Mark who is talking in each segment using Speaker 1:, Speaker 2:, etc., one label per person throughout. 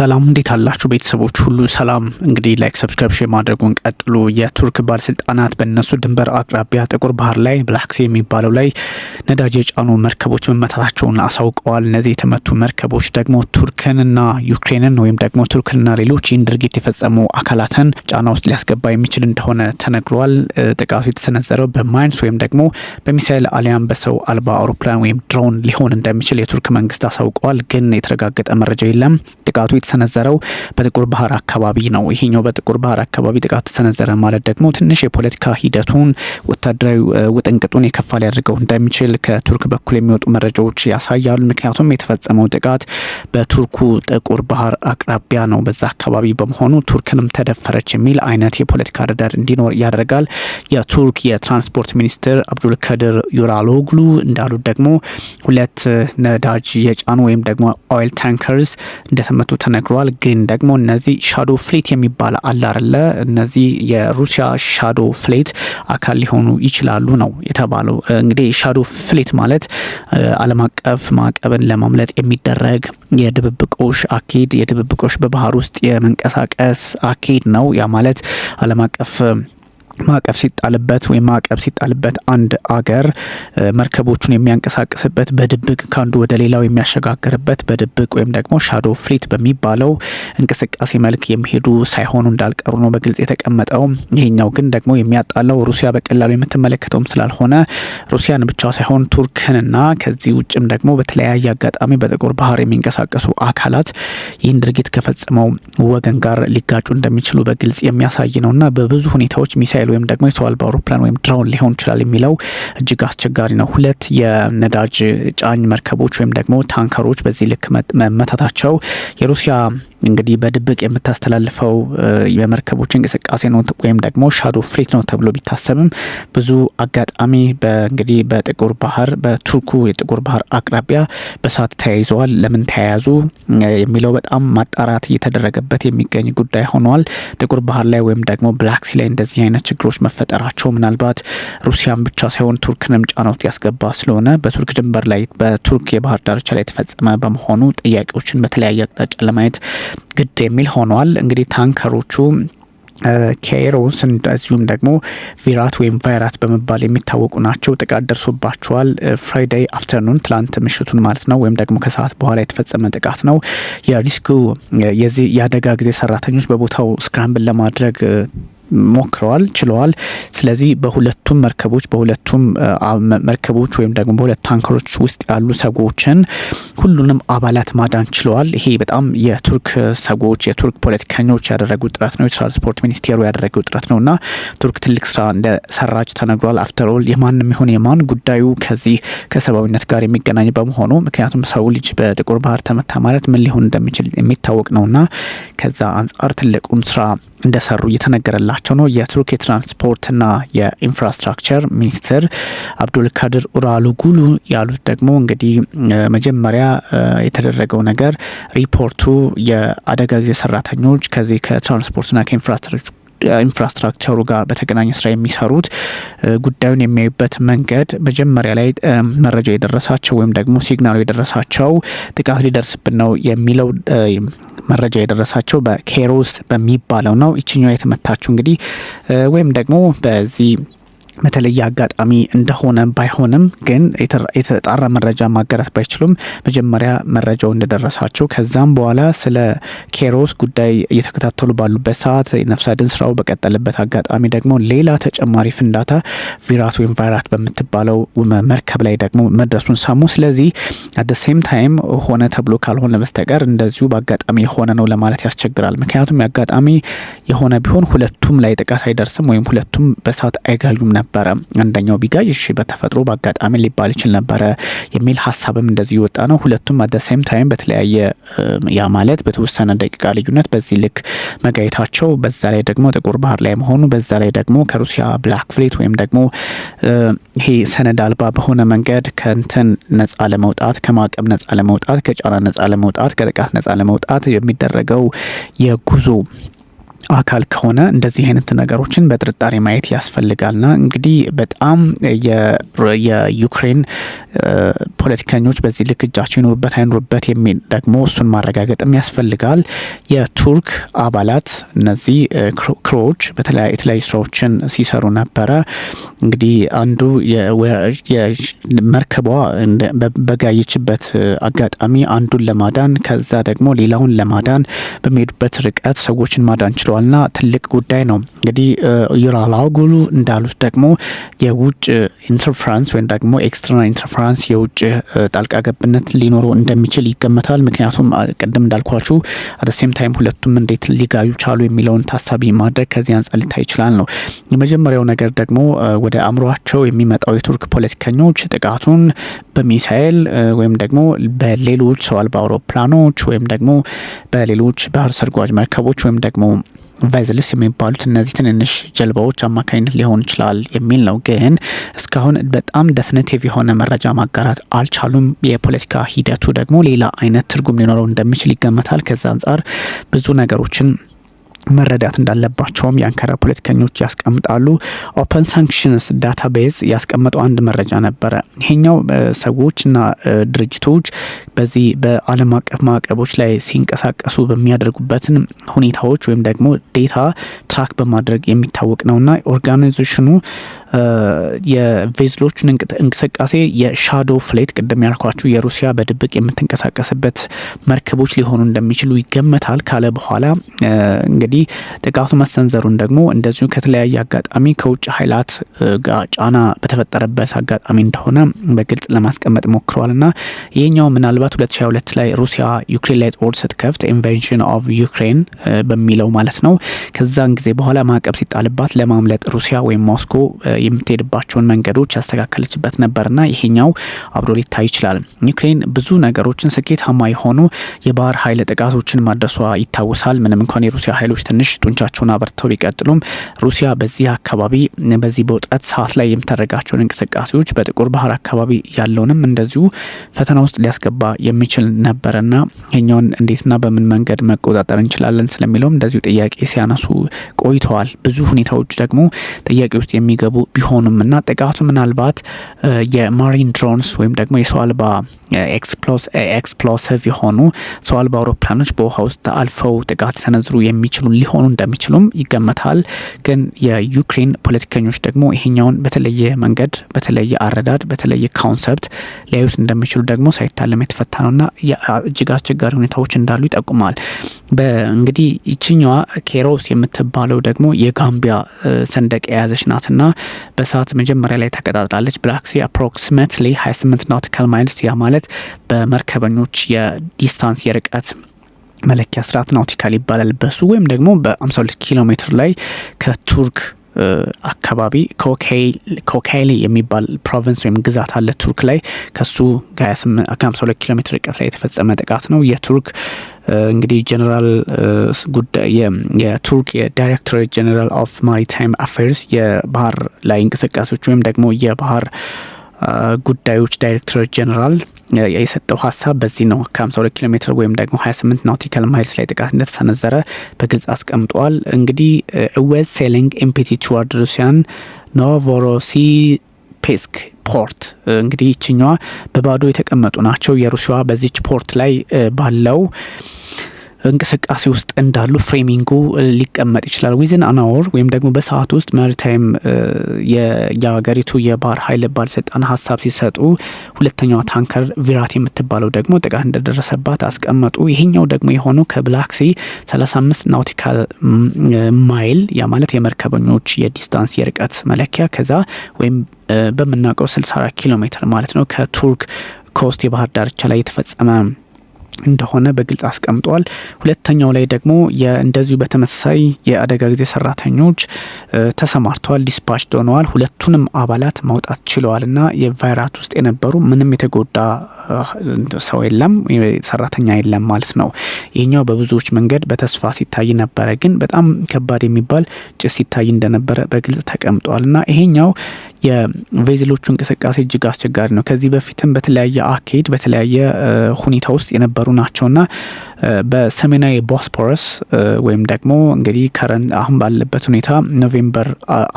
Speaker 1: ሰላም እንዴት አላችሁ ቤተሰቦች ሁሉ ሰላም። እንግዲህ ላይክ ሰብስክራይብ ማድረጉን ቀጥሎ የቱርክ ባለስልጣናት በእነሱ ድንበር አቅራቢያ ጥቁር ባህር ላይ ብላክሲ የሚባለው ላይ ነዳጅ የጫኑ መርከቦች መመታታቸውን አሳውቀዋል። እነዚህ የተመቱ መርከቦች ደግሞ ቱርክንና ዩክሬንን ወይም ደግሞ ቱርክንና ሌሎች ይህን ድርጊት የፈጸሙ አካላትን ጫና ውስጥ ሊያስገባ የሚችል እንደሆነ ተነግሯል። ጥቃቱ የተሰነዘረው በማይንስ ወይም ደግሞ በሚሳኤል አሊያም በሰው አልባ አውሮፕላን ወይም ድሮን ሊሆን እንደሚችል የቱርክ መንግስት አሳውቀዋል። ግን የተረጋገጠ መረጃ የለም። ጥቃቱ የተሰነዘረው በጥቁር ባህር አካባቢ ነው። ይሄኛው በጥቁር ባህር አካባቢ ጥቃቱ ተሰነዘረ ማለት ደግሞ ትንሽ የፖለቲካ ሂደቱን ወታደራዊ ውጥንቅጡን የከፋ ሊያደርገው እንደሚችል ከቱርክ በኩል የሚወጡ መረጃዎች ያሳያሉ። ምክንያቱም የተፈጸመው ጥቃት በቱርኩ ጥቁር ባህር አቅራቢያ ነው። በዛ አካባቢ በመሆኑ ቱርክንም ተደፈረች የሚል አይነት የፖለቲካ ረዳድ እንዲኖር ያደርጋል። የቱርክ የትራንስፖርት ሚኒስትር አብዱልከድር ዩራሎግሉ እንዳሉት ደግሞ ሁለት ነዳጅ የጫኑ ወይም ደግሞ ኦይል ታንከርስ እንደተመቱ ተነ ተነግሯል። ግን ደግሞ እነዚህ ሻዶ ፍሌት የሚባል አላርለ እነዚህ የሩሲያ ሻዶ ፍሌት አካል ሊሆኑ ይችላሉ ነው የተባለው። እንግዲህ ሻዶ ፍሌት ማለት ዓለም አቀፍ ማዕቀብን ለማምለጥ የሚደረግ የድብብቆሽ አካሄድ የድብብቆሽ በባህር ውስጥ የመንቀሳቀስ አካሄድ ነው። ያ ማለት ዓለም አቀፍ ማዕቀብ ሲጣልበት ወይም ማዕቀብ ሲጣልበት አንድ አገር መርከቦቹን የሚያንቀሳቅስበት በድብቅ ከአንዱ ወደ ሌላው የሚያሸጋግርበት በድብቅ ወይም ደግሞ ሻዶ ፍሊት በሚባለው እንቅስቃሴ መልክ የሚሄዱ ሳይሆኑ እንዳልቀሩ ነው በግልጽ የተቀመጠው። ይሄኛው ግን ደግሞ የሚያጣለው ሩሲያ በቀላሉ የምትመለከተውም ስላልሆነ ሩሲያን ብቻ ሳይሆን ቱርክንና ከዚህ ውጭም ደግሞ በተለያየ አጋጣሚ በጥቁር ባህር የሚንቀሳቀሱ አካላት ይህን ድርጊት ከፈጸመው ወገን ጋር ሊጋጩ እንደሚችሉ በግልጽ የሚያሳይ ነውና በብዙ ሁኔታዎች ሚሳይል ወይም ደግሞ የሰው አልባ አውሮፕላን ወይም ድሮን ሊሆን ይችላል የሚለው እጅግ አስቸጋሪ ነው። ሁለት የነዳጅ ጫኝ መርከቦች ወይም ደግሞ ታንከሮች በዚህ ልክ መመታታቸው የሩሲያ እንግዲህ በድብቅ የምታስተላልፈው የመርከቦች እንቅስቃሴ ነው ወይም ደግሞ ሻዶ ፍሬት ነው ተብሎ ቢታሰብም ብዙ አጋጣሚ እንግዲህ በጥቁር ባህር በቱርኩ የጥቁር ባህር አቅራቢያ በሳት ተያይዘዋል። ለምን ተያያዙ የሚለው በጣም ማጣራት እየተደረገበት የሚገኝ ጉዳይ ሆኗል። ጥቁር ባህር ላይ ወይም ደግሞ ብላክሲ ላይ እንደዚህ አይነት ችግሮች መፈጠራቸው ምናልባት ሩሲያን ብቻ ሳይሆን ቱርክንም ጫና ውስጥ ያስገባ ስለሆነ በቱርክ ድንበር ላይ በቱርክ የባህር ዳርቻ ላይ የተፈጸመ በመሆኑ ጥያቄዎችን በተለያየ አቅጣጫ ለማየት ግድ የሚል ሆኗል። እንግዲህ ታንከሮቹ ኬሮስ እንደዚሁም ደግሞ ቪራት ወይም ቫይራት በመባል የሚታወቁ ናቸው። ጥቃት ደርሶባቸዋል። ፍራይዴይ አፍተርኑን ትላንት ምሽቱን ማለት ነው፣ ወይም ደግሞ ከሰዓት በኋላ የተፈጸመ ጥቃት ነው። የሪስኩ የዚህ የአደጋ ጊዜ ሰራተኞች በቦታው ስክራምብል ለማድረግ ሞክረዋል፣ ችለዋል። ስለዚህ በሁለቱም መርከቦች በሁለቱም መርከቦች ወይም ደግሞ በሁለት ታንከሮች ውስጥ ያሉ ሰዎችን ሁሉንም አባላት ማዳን ችለዋል። ይሄ በጣም የቱርክ ሰዎች የቱርክ ፖለቲከኞች ያደረጉ ጥረት ነው፣ የትራንስፖርት ሚኒስቴሩ ያደረገው ጥረት ነው እና ቱርክ ትልቅ ስራ እንደሰራች ተነግሯል። አፍተሮል የማንም ይሁን የማን ጉዳዩ ከዚህ ከሰብአዊነት ጋር የሚገናኝ በመሆኑ ምክንያቱም ሰው ልጅ በጥቁር ባህር ተመታ ማለት ምን ሊሆን እንደሚችል የሚታወቅ ነውና ከዛ አንጻር ትልቁን ስራ እንደሰሩ እየተነገረላቸው ነው። የቱርክ የትራንስፖርትና የኢንፍራስትራክቸር ሚኒስትር አብዱልካድር ጉሉ ያሉት ደግሞ እንግዲህ መጀመሪያ የተደረገው ነገር ሪፖርቱ የአደጋ ጊዜ ሰራተኞች ከዚህ ከትራንስፖርትና ከኢንፍራስትራክቸር ኢንፍራስትራክቸሩ ጋር በተገናኘ ስራ የሚሰሩት ጉዳዩን የሚያዩበት መንገድ መጀመሪያ ላይ መረጃ የደረሳቸው ወይም ደግሞ ሲግናሉ የደረሳቸው ጥቃት ሊደርስብን ነው የሚለው መረጃ የደረሳቸው በኬሮስ በሚባለው ነው። ይችኛው የተመታችው እንግዲህ ወይም ደግሞ በዚህ በተለየ አጋጣሚ እንደሆነ ባይሆንም ግን የተጣራ መረጃ ማጋራት ባይችሉም መጀመሪያ መረጃው እንደደረሳቸው ከዛም በኋላ ስለ ኬሮስ ጉዳይ እየተከታተሉ ባሉበት ሰዓት ነፍሰ አድን ስራው በቀጠለበት አጋጣሚ ደግሞ ሌላ ተጨማሪ ፍንዳታ ቪራስ ወይም ቫይራት በምትባለው መርከብ ላይ ደግሞ መድረሱን ሰሙ። ስለዚህ አደ ሴም ታይም ሆነ ተብሎ ካልሆነ በስተቀር እንደዚሁ በአጋጣሚ የሆነ ነው ለማለት ያስቸግራል። ምክንያቱም የአጋጣሚ የሆነ ቢሆን ሁለቱም ላይ ጥቃት አይደርስም ወይም ሁለቱም በሰዓት አይጋዩም ነበር። ነበረ። አንደኛው ቢጋይ እሺ በተፈጥሮ በአጋጣሚ ሊባል ይችል ነበረ የሚል ሀሳብም እንደዚህ የወጣ ነው። ሁለቱም አደሴም ታይም በተለያየ ያ ማለት በተወሰነ ደቂቃ ልዩነት በዚህ ልክ መጋየታቸው፣ በዛ ላይ ደግሞ ጥቁር ባህር ላይ መሆኑ፣ በዛ ላይ ደግሞ ከሩሲያ ብላክ ፍሌት ወይም ደግሞ ይሄ ሰነድ አልባ በሆነ መንገድ ከእንትን ነጻ ለመውጣት ከማዕቀብ ነጻ ለመውጣት ከጫና ነጻ ለመውጣት ከጥቃት ነጻ ለመውጣት የሚደረገው የጉዞ አካል ከሆነ እንደዚህ አይነት ነገሮችን በጥርጣሬ ማየት ያስፈልጋልና እንግዲህ በጣም የዩክሬን ፖለቲከኞች በዚህ ልክ እጃቸው ይኖሩበት አይኖሩበት የሚል ደግሞ እሱን ማረጋገጥም ያስፈልጋል። የቱርክ አባላት እነዚህ ክሮች የተለያዩ ስራዎችን ሲሰሩ ነበረ። እንግዲህ አንዱ መርከቧ በጋየችበት አጋጣሚ አንዱን ለማዳን ከዛ ደግሞ ሌላውን ለማዳን በሚሄዱበት ርቀት ሰዎችን ማዳን ችለዋል። ተገልጿልና ትልቅ ጉዳይ ነው። እንግዲህ ዩራል እንዳሉት ደግሞ የውጭ ኢንተርፍራንስ ወይም ደግሞ ኤክስተርናል ኢንተርፍራንስ የውጭ ጣልቃ ገብነት ሊኖረው እንደሚችል ይገመታል። ምክንያቱም ቅድም እንዳልኳችሁ አደሴም ታይም ሁለቱም እንዴት ሊጋዩ ቻሉ የሚለውን ታሳቢ ማድረግ ከዚህ አንጻር ሊታይ ይችላል ነው። የመጀመሪያው ነገር ደግሞ ወደ አእምሯቸው የሚመጣው የቱርክ ፖለቲከኞች ጥቃቱን በሚሳኤል ወይም ደግሞ በሌሎች ሰው አልባ አውሮፕላኖች ወይም ደግሞ በሌሎች ባህር ሰርጓጅ መርከቦች ወይም ደግሞ ቫይዝልስ የሚባሉት እነዚህ ትንንሽ ጀልባዎች አማካኝነት ሊሆን ይችላል የሚል ነው። ግን እስካሁን በጣም ደፍነቲቭ የሆነ መረጃ ማጋራት አልቻሉም። የፖለቲካ ሂደቱ ደግሞ ሌላ አይነት ትርጉም ሊኖረው እንደሚችል ይገመታል። ከዛ አንጻር ብዙ ነገሮችን መረዳት እንዳለባቸውም የአንካራ ፖለቲከኞች ያስቀምጣሉ። ኦፐን ሳንክሽንስ ዳታቤዝ ያስቀመጠው አንድ መረጃ ነበረ። ይሄኛው ሰዎችና ድርጅቶች በዚህ በዓለም አቀፍ ማዕቀቦች ላይ ሲንቀሳቀሱ በሚያደርጉበትን ሁኔታዎች ወይም ደግሞ ዴታ ትራክ በማድረግ የሚታወቅ ነውና ኦርጋናይዜሽኑ የቬዝሎቹን እንቅስቃሴ የሻዶ ፍሌት ቅድም ያልኳችሁ የሩሲያ በድብቅ የምትንቀሳቀስበት መርከቦች ሊሆኑ እንደሚችሉ ይገመታል ካለ በኋላ እንግዲህ ጥቃቱ መሰንዘሩን ደግሞ እንደዚሁ ከተለያየ አጋጣሚ ከውጭ ኃይላት ጋር ጫና በተፈጠረበት አጋጣሚ እንደሆነ በግልጽ ለማስቀመጥ ሞክረዋል እና ይህኛው ምናልባት 2022 ላይ ሩሲያ ዩክሬን ላይ ጦር ስትከፍት ኢንቨንሽን ኦፍ ዩክሬን በሚለው ማለት ነው ከዛን ጊዜ በኋላ ማዕቀብ ሲጣልባት ለማምለጥ ሩሲያ ወይም ሞስኮ የምትሄድባቸውን መንገዶች ያስተካከለችበት ነበርና ይሄኛው አብሮ ሊታይ ይችላል። ዩክሬን ብዙ ነገሮችን ስኬታማ የሆኑ የባህር ኃይል ጥቃቶችን ማድረሷ ይታወሳል። ምንም እንኳን የሩሲያ ኃይሎች ሀገሮች ትንሽ ጡንቻቸውን አበርተው ቢቀጥሉም ሩሲያ በዚህ አካባቢ በዚህ በውጥረት ሰዓት ላይ የምታደርጋቸውን እንቅስቃሴዎች በጥቁር ባህር አካባቢ ያለውንም እንደዚሁ ፈተና ውስጥ ሊያስገባ የሚችል ነበረና ይኛውን እንዴትና በምን መንገድ መቆጣጠር እንችላለን ስለሚለውም እንደዚሁ ጥያቄ ሲያነሱ ቆይተዋል። ብዙ ሁኔታዎች ደግሞ ጥያቄ ውስጥ የሚገቡ ቢሆኑም እና ጥቃቱ ምናልባት የማሪን ድሮንስ ወይም ደግሞ የሰው አልባ ኤክስፕሎሲቭ የሆኑ ሰው አልባ አውሮፕላኖች በውሃ ውስጥ አልፈው ጥቃት ሰነዝሩ የሚችሉ ሊሆኑ እንደሚችሉም ይገመታል። ግን የዩክሬን ፖለቲከኞች ደግሞ ይሄኛውን በተለየ መንገድ፣ በተለየ አረዳድ፣ በተለየ ካውንሰፕት ሊያዩት እንደሚችሉ ደግሞ ሳይታለም የተፈታ ነውና እጅግ አስቸጋሪ ሁኔታዎች እንዳሉ ይጠቁማል። እንግዲህ ይችኛዋ ኬሮስ የምትባለው ደግሞ የጋምቢያ ሰንደቅ የያዘች ናትና በሰዓት መጀመሪያ ላይ ተቀጣጥላለች። ብላክሲ አፕሮክሲሜትሊ 28 ናውቲካል ማይልስ ያ ማለት በመርከበኞች የዲስታንስ የርቀት መለኪያ ስርዓት ናውቲካል ይባላል። በሱ ወይም ደግሞ በ52 ኪሎ ሜትር ላይ ከቱርክ አካባቢ ኮካይሊ የሚባል ፕሮቪንስ ወይም ግዛት አለ ቱርክ ላይ ከሱ ከ52 ኪሎ ሜትር ርቀት ላይ የተፈጸመ ጥቃት ነው። የቱርክ እንግዲህ ጀነራል ጉዳይ የቱርክ የዳይሬክቶሬት ጀነራል ኦፍ ማሪታይም አፌርስ የባህር ላይ እንቅስቃሴዎች ወይም ደግሞ የባህር ጉዳዮች ዳይሬክተር ጀነራል የሰጠው ሀሳብ በዚህ ነው። ከ52 ኪሎ ሜትር ወይም ደግሞ 28 ናውቲካል ማይልስ ላይ ጥቃት እንደተሰነዘረ በግልጽ አስቀምጧል። እንግዲህ እዌዝ ሴሊንግ ኤምፒቲ ቱዋርድ ሩሲያን ኖቮሮሲ ፔስክ ፖርት እንግዲህ ይችኛዋ በባዶ የተቀመጡ ናቸው። የሩሲያዋ በዚች ፖርት ላይ ባለው እንቅስቃሴ ውስጥ እንዳሉ ፍሬሚንጉ ሊቀመጥ ይችላል። ዊዝን አናወር ወይም ደግሞ በሰዓት ውስጥ መሪታይም የሀገሪቱ የባህር ኃይል ባለስልጣን ሀሳብ ሲሰጡ፣ ሁለተኛዋ ታንከር ቪራት የምትባለው ደግሞ ጥቃት እንደደረሰባት አስቀመጡ። ይሄኛው ደግሞ የሆነው ከብላክሲ 35 ናውቲካል ማይል ያ ማለት የመርከበኞች የዲስታንስ የርቀት መለኪያ ከዛ ወይም በምናውቀው 64 ኪሎ ሜትር ማለት ነው ከቱርክ ኮስት የባህር ዳርቻ ላይ የተፈጸመ እንደሆነ በግልጽ አስቀምጧል። ሁለተኛው ላይ ደግሞ እንደዚሁ በተመሳሳይ የአደጋ ጊዜ ሰራተኞች ተሰማርተዋል፣ ዲስፓች ሆነዋል። ሁለቱንም አባላት ማውጣት ችለዋል እና የቫይራት ውስጥ የነበሩ ምንም የተጎዳ ሰው የለም፣ ሰራተኛ የለም ማለት ነው። ይህኛው በብዙዎች መንገድ በተስፋ ሲታይ ነበረ፣ ግን በጣም ከባድ የሚባል ጭስ ሲታይ እንደነበረ በግልጽ ተቀምጧል እና ይሄኛው የቬዝሎቹ እንቅስቃሴ እጅግ አስቸጋሪ ነው። ከዚህ በፊትም በተለያየ አኬድ በተለያየ ሁኔታ ውስጥ የነበሩ ናቸውና በሰሜናዊ ቦስፖረስ ወይም ደግሞ እንግዲህ ከረን አሁን ባለበት ሁኔታ ኖቬምበር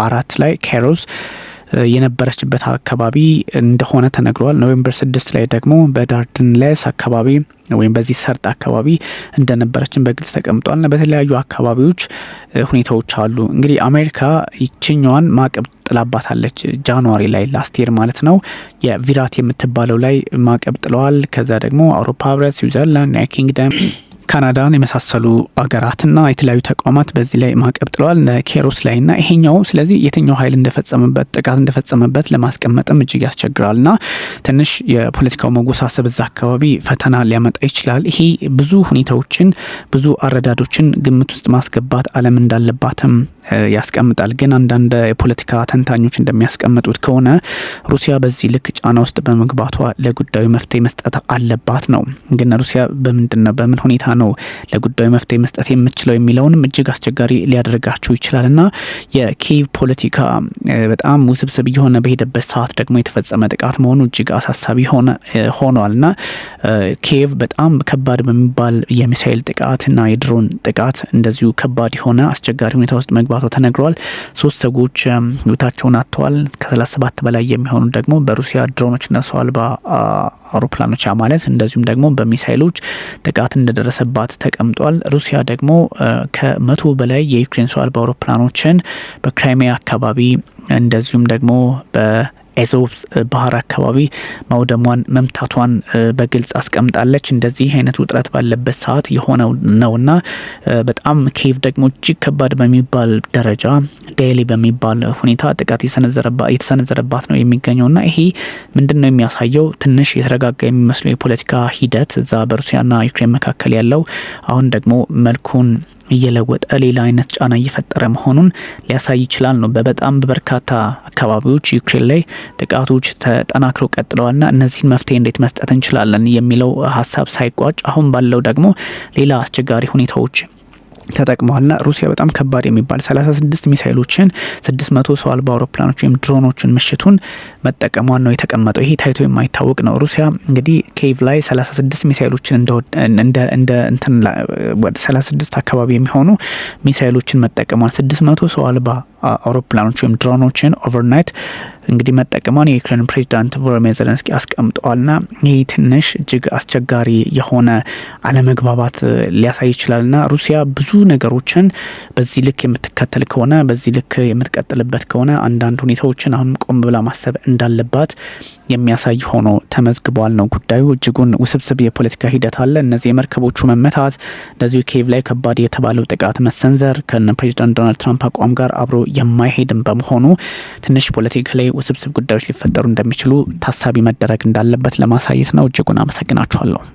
Speaker 1: አራት ላይ ኬሮዝ የነበረችበት አካባቢ እንደሆነ ተነግሯል። ኖቬምበር ስድስት ላይ ደግሞ በዳርድን በዳርድንላስ አካባቢ ወይም በዚህ ሰርጥ አካባቢ እንደነበረችን በግልጽ ተቀምጧልና በተለያዩ አካባቢዎች ሁኔታዎች አሉ። እንግዲህ አሜሪካ ይችኛዋን ማዕቀብ ጥላባታለች። ጃንዋሪ ላይ ላስት ማለት ነው የቪራት የምትባለው ላይ ማዕቀብ ጥለዋል። ከዛ ደግሞ አውሮፓ ህብረት፣ ስዊዘርላንድ፣ ኪንግደም ካናዳን የመሳሰሉ አገራትና የተለያዩ ተቋማት በዚህ ላይ ማዕቀብ ጥለዋል፣ ኬሮስ ላይ እና ይሄኛው። ስለዚህ የትኛው ኃይል እንደፈጸመበት ጥቃት እንደፈጸመበት ለማስቀመጥም እጅግ ያስቸግራል እና ትንሽ የፖለቲካው መጎሳሰብ እዛ አካባቢ ፈተና ሊያመጣ ይችላል። ይሄ ብዙ ሁኔታዎችን ብዙ አረዳዶችን ግምት ውስጥ ማስገባት ዓለም እንዳለባትም ያስቀምጣል። ግን አንዳንድ የፖለቲካ ተንታኞች እንደሚያስቀምጡት ከሆነ ሩሲያ በዚህ ልክ ጫና ውስጥ በመግባቷ ለጉዳዩ መፍትሄ መስጠት አለባት ነው። ግን ሩሲያ በምንድን ነው በምን ሁኔታ ነው ለጉዳዩ መፍትሄ መስጠት የምችለው የሚለውንም እጅግ አስቸጋሪ ሊያደርጋቸው ይችላል ና የኪየቭ ፖለቲካ በጣም ውስብስብ እየሆነ በሄደበት ሰዓት ደግሞ የተፈጸመ ጥቃት መሆኑ እጅግ አሳሳቢ ሆኗል ና ኬቭ በጣም ከባድ በሚባል የሚሳይል ጥቃትና የድሮን ጥቃት እንደዚሁ ከባድ የሆነ አስቸጋሪ ሁኔታ ውስጥ መግባቷ ተነግሯል። ሶስት ሰዎች ህይወታቸውን አጥተዋል። ከሰላሳ ሰባት በላይ የሚሆኑ ደግሞ በሩሲያ ድሮኖችና ሰው አልባ አውሮፕላኖች ማለት እንደዚሁም ደግሞ በሚሳይሎች ጥቃት እንደደረሰባት ተቀምጧል። ሩሲያ ደግሞ ከመቶ በላይ የዩክሬን ሰው አልባ አውሮፕላኖችን በክራይሚያ አካባቢ እንደዚሁም ደግሞ በ ኤዞብ ባህር አካባቢ ማውደሟን መምታቷን በግልጽ አስቀምጣለች። እንደዚህ አይነት ውጥረት ባለበት ሰዓት የሆነው ነውና በጣም ኬቭ ደግሞ እጅግ ከባድ በሚባል ደረጃ ዴይሊ በሚባል ሁኔታ ጥቃት የተሰነዘረባት ነው የሚገኘውና ይሄ ምንድን ነው የሚያሳየው? ትንሽ የተረጋጋ የሚመስለው የፖለቲካ ሂደት እዛ በሩሲያና ዩክሬን መካከል ያለው አሁን ደግሞ መልኩን እየለወጠ ሌላ አይነት ጫና እየፈጠረ መሆኑን ሊያሳይ ይችላል ነው። በበጣም በበርካታ አካባቢዎች ዩክሬን ላይ ጥቃቶች ተጠናክረው ቀጥለዋልና እነዚህን መፍትሄ እንዴት መስጠት እንችላለን የሚለው ሀሳብ ሳይቋጭ አሁን ባለው ደግሞ ሌላ አስቸጋሪ ሁኔታዎች ተጠቅመዋልና ሩሲያ በጣም ከባድ የሚባል 36 ሚሳይሎችን 600 ሰው አልባ አውሮፕላኖች ወይም ድሮኖችን ምሽቱን መጠቀሟን ነው የተቀመጠው። ይሄ ታይቶ የማይታወቅ ነው። ሩሲያ እንግዲህ ኬቭ ላይ 36 ሚሳይሎችን እንደ 36 አካባቢ የሚሆኑ ሚሳይሎችን መጠቀሟን 600 ሰው አልባ አውሮፕላኖች ወይም ድሮኖችን ኦቨርናይት እንግዲህ መጠቀሟን የዩክሬን ፕሬዚዳንት ቮሎዲሚር ዘለንስኪ አስቀምጠዋልና ይህ ትንሽ እጅግ አስቸጋሪ የሆነ አለመግባባት ሊያሳይ ይችላልና ሩሲያ ብዙ ነገሮችን በዚህ ልክ የምትከተል ከሆነ በዚህ ልክ የምትቀጥልበት ከሆነ አንዳንድ ሁኔታዎችን አሁንም ቆም ብላ ማሰብ እንዳለባት የሚያሳይ ሆኖ ተመዝግቧል። ነው ጉዳዩ እጅጉን ውስብስብ የፖለቲካ ሂደት አለ። እነዚህ የመርከቦቹ መመታት፣ እንደዚሁ ኬቭ ላይ ከባድ የተባለው ጥቃት መሰንዘር ከነ ፕሬዚዳንት ዶናልድ ትራምፕ አቋም ጋር አብሮ የማይሄድም በመሆኑ ትንሽ ፖለቲካ ላይ ውስብስብ ጉዳዮች ሊፈጠሩ እንደሚችሉ ታሳቢ መደረግ እንዳለበት ለማሳየት ነው። እጅጉን አመሰግናችኋለሁ።